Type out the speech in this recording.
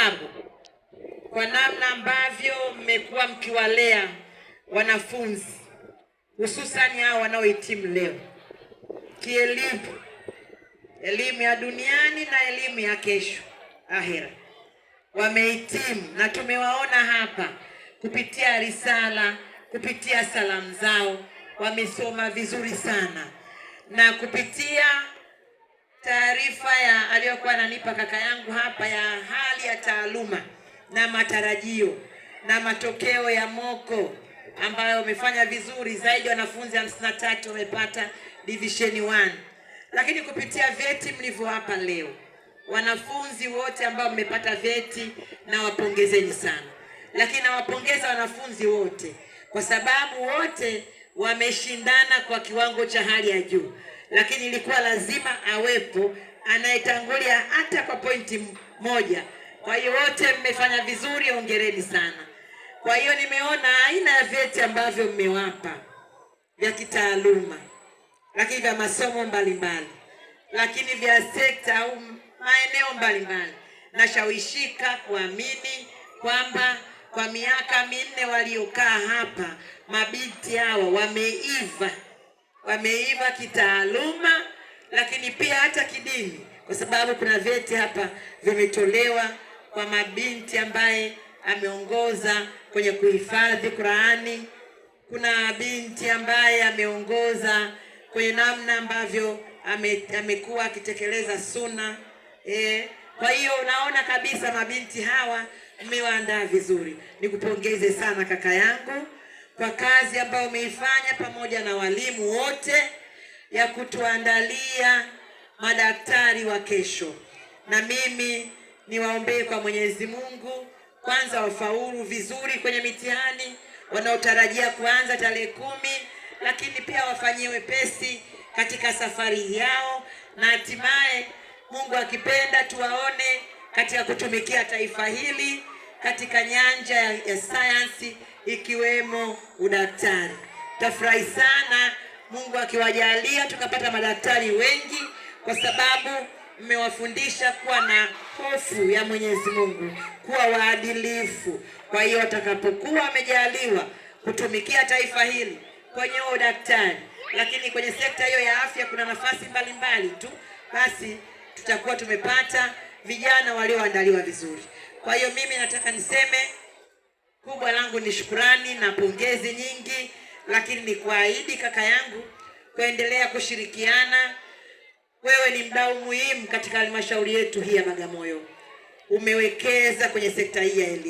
yangu kwa namna ambavyo mmekuwa mkiwalea wanafunzi hususani hao wanaohitimu leo kielimu, elimu ya duniani na elimu ya kesho ahira. Wamehitimu na tumewaona hapa kupitia risala, kupitia salamu zao, wamesoma vizuri sana na kupitia taarifa ya aliyokuwa ananipa kaka yangu hapa ya hali ya taaluma na matarajio na matokeo ya moko ambayo wamefanya vizuri zaidi, wanafunzi hamsini na tatu wamepata division 1. Lakini kupitia vyeti mlivyo hapa leo, wanafunzi wote ambao mmepata vyeti nawapongezeni sana, lakini nawapongeza wanafunzi wote kwa sababu wote wameshindana kwa kiwango cha hali ya juu lakini ilikuwa lazima awepo anayetangulia hata kwa pointi moja. Kwa hiyo wote mmefanya vizuri, hongereni sana. Kwa hiyo nimeona aina ya vyeti ambavyo mmewapa vya kitaaluma, lakini vya masomo mbalimbali, lakini vya sekta au maeneo mbalimbali. Nashawishika kuamini kwamba kwa miaka minne waliokaa hapa mabinti hawa wameiva wameiva kitaaluma, lakini pia hata kidini, kwa sababu kuna vyeti hapa vimetolewa kwa mabinti ambaye ameongoza kwenye kuhifadhi Qurani. Kuna binti ambaye ameongoza kwenye namna ambavyo ame, amekuwa akitekeleza suna e. Kwa hiyo unaona kabisa mabinti hawa mmewaandaa vizuri, nikupongeze sana kaka yangu kwa kazi ambayo umeifanya pamoja na walimu wote ya kutuandalia madaktari wa kesho, na mimi niwaombee kwa Mwenyezi Mungu, kwanza wafaulu vizuri kwenye mitihani wanaotarajia kuanza tarehe kumi, lakini pia wafanyie wepesi katika safari yao, na hatimaye Mungu akipenda tuwaone katika kutumikia taifa hili katika nyanja ya sayansi ikiwemo udaktari. Tafurahi sana Mungu akiwajalia tukapata madaktari wengi, kwa sababu mmewafundisha kuwa na hofu ya Mwenyezi Mungu, kuwa waadilifu. Kwa hiyo watakapokuwa wamejaliwa kutumikia taifa hili kwenye udaktari, lakini kwenye sekta hiyo ya afya kuna nafasi mbalimbali tu, basi tutakuwa tumepata vijana walioandaliwa vizuri. Kwa hiyo mimi nataka niseme kubwa langu ni shukurani na pongezi nyingi, lakini ni kuahidi kaka yangu kuendelea kushirikiana. Wewe ni mdau muhimu katika halmashauri yetu hii ya Bagamoyo, umewekeza kwenye sekta hii ya elimu.